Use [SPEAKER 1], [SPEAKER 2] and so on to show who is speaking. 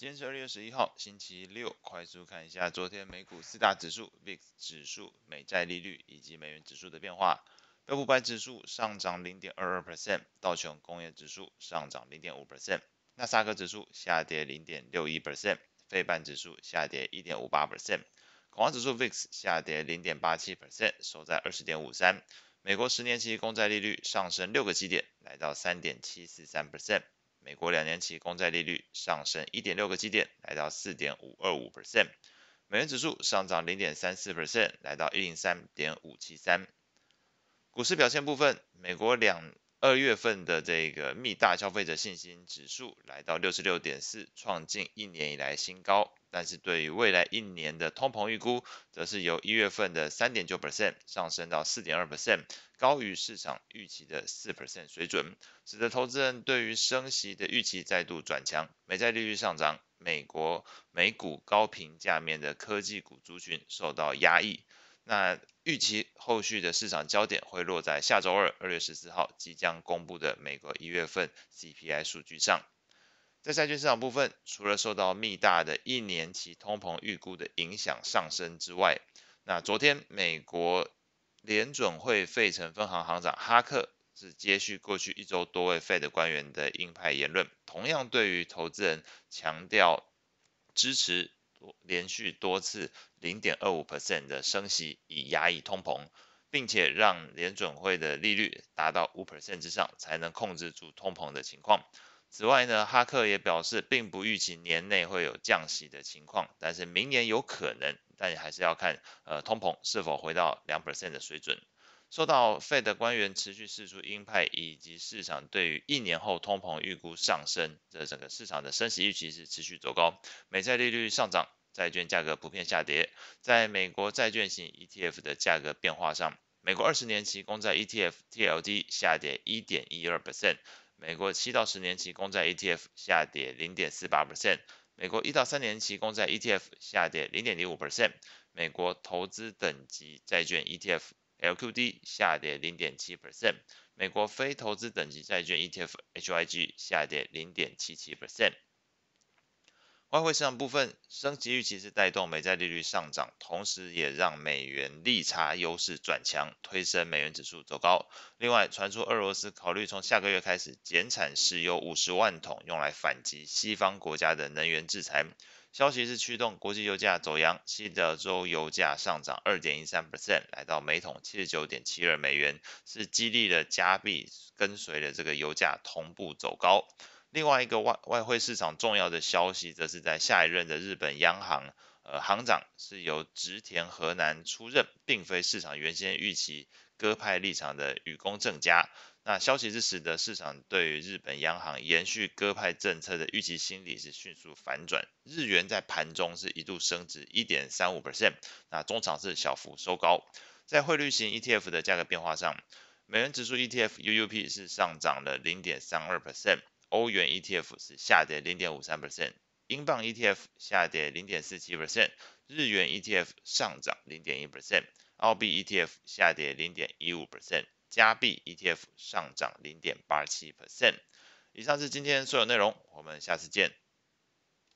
[SPEAKER 1] 今天是二月十一號，星期六，快速看一下昨天美股四大指數、VIX 指數、美債利率以及美元指數的變化。標普五百指數上漲零點二二 percent，道瓊工業指數上漲零點五 percent，納斯達克指數下跌零點六一 percent，費半指數下跌一點五八 percent，恐慌指數 VIX 下跌零點八七 percent，收在二十點五三。美國十年期公債利率上升六個基點，來到三點七四三 percent。美國兩年期公債利率上升一點六個基點，來到四點五二五 percent。美元指數上漲零點三四 percent，來到一零三點五七三。股市表現部分，美國兩二月份的這個密大消費者信心指數來到六十六點四，創近一年以來新高。但是對於未來一年的通膨預估，則是由一月份的三點九 percent 上升到四點二 percent，高於市場預期的四 percent 水準，使得投資人對於升息的預期再度轉強。美債利率上漲，美國美股高評價面的科技股族群受到壓抑。那預期後續的市場焦點會落在下周二二月十四號即將公布的美國一月份 CPI 數據上。在債券市場部分，除了受到密大的一年期通膨預估的影響上升之外，那昨天美國聯準會費城分行行長哈克是接續過去一周多位 FED 官員的鷹派言論，同樣對於投資人強調支持連續多次零點二五 percent 的升息以壓抑通膨，並且讓聯準會的利率達到五 percent 之上，才能控制住通膨的情況。此外呢，哈克也表示，並不預期年內會有降息的情況，但是明年有可能，但還是要看呃通膨是否回到兩 percent 的水準。受到 FED 官員持續釋出鷹派，以及市場對於一年後通膨預估上升，這整個市場的升息預期是持續走高，美債利率上漲，債券價格普遍下跌。在美國債券型 ETF 的價格變化上，美國二十年期公債 ETF TLT 下跌一點一二 percent。美國七到十年期公債 ETF 下跌0.48%，美國一到三年期公債 ETF 下跌0.05%，美國投資等級債券 ETF LQD 下跌0.7%，美國非投資等級債券 ETF HYG 下跌0.77%。外匯市場部分，升息預期是帶動美債利率上漲，同時也讓美元利差優勢轉強，推升美元指數走高。另外，傳出俄羅斯考慮從下個月開始減產石油五十萬桶，用來反擊西方國家的能源制裁。消息是驅動國際油價走揚，西德州油價上漲二點一三 percent，來到每桶七十九點七二美元，是激勵了加幣跟隨了這個油價同步走高。另外一個外外匯市場重要的消息，則是在下一任的日本央行呃行長是由植田和男出任，並非市場原先預期鴿派立場的雨宮正佳。那消息是使得市場對於日本央行延續鴿派政策的預期心理是迅速反轉，日元在盤中是一度升值一點三五 percent，那終場是小幅收高。在匯率型 ETF 的價格變化上，美元指數 ETF UUP 是上漲了零點三二 percent。歐元 ETF 是下跌零點五三 percent，英鎊 ETF 下跌零點四七 percent，日元 ETF 上漲零點一 percent，澳幣 ETF 下跌零點一五 percent，加幣 ETF 上漲零點八七 percent。以上是今天所有內容，我們下次見。